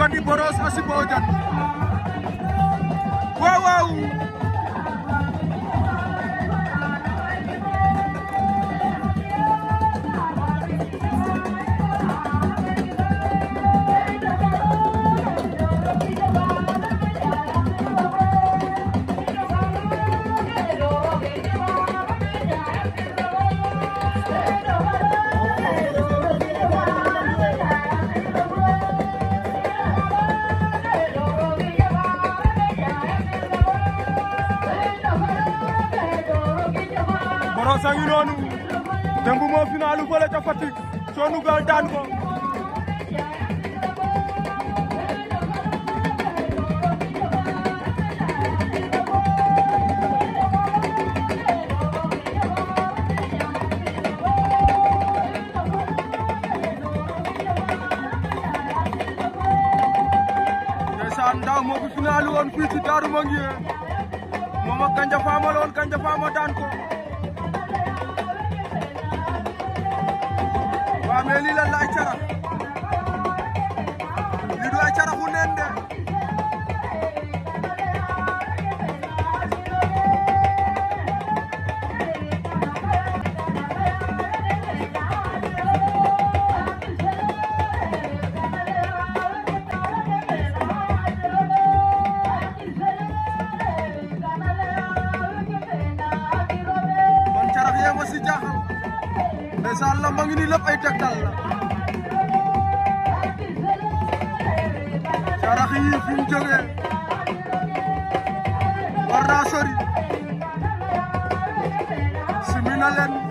kon di boros ma ci Brosse a ngi noonu démb moo finalu bële ca Fatick Sonu Gaal daan ko Ndao moo ko final woon fii ci Darou Manguier moom ak Gandia Fama la woon Gandia Fama daan ko waaw mais lii lan la ay carax lii du ay caraxu neen de man carax yee ma si jaaxal ndeysaan lamba ngi nii lépp ay tegtal la carax yi fi mu jógee war naa sori simi na leen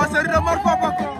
Passer de Marfa Paco.